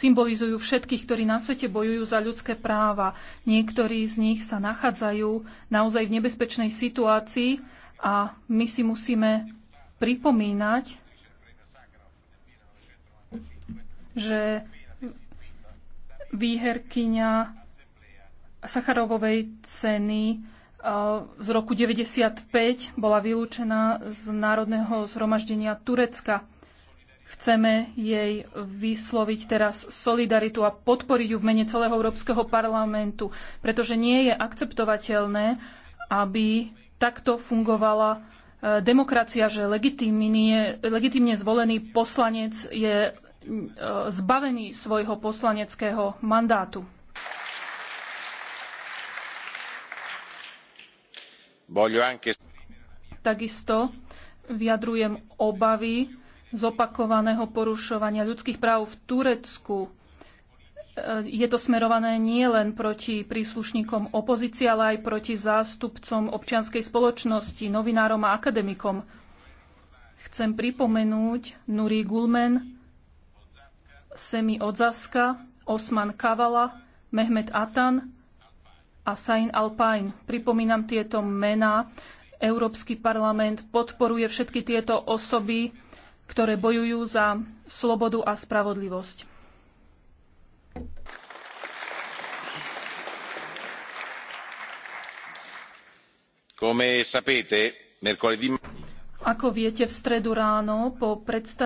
symbolizujú všetkých, ktorí na svete bojujú za ľudské práva. Niektorí z nich sa nachádzajú naozaj v nebezpečnej situácii a my si musíme pripomínať, že výherkyňa Sacharovovej ceny eh, z roku 1995 bola vylúčená z Národného zhromaždenia Turecka. Chceme jej vysloviť teraz solidaritu a podporiť ju v mene celého Európskeho parlamentu, pretože nie je akceptovateľné, aby takto fungovala e, demokracia, že legitimne, zvolený poslanec je e, zbavený svojho poslaneckého mandátu. Takisto vyjadrujem obavy zopakovaného porušovania ľudských práv v Turecku. E, je to smerované nielen proti príslušníkom opozície, ale aj proti zástupcom občianskej spoločnosti, novinárom a akademikom. Chcem pripomenúť Nuri Gulmen, Semi Odzaska, Osman Kavala, Mehmet Atan a Sain Alpain. Pripomínam tieto mená. Európsky parlament podporuje všetky tieto osoby ktoré bojujú za slobodu a spravodlivosť. Ako viete, v stredu ráno po predstavení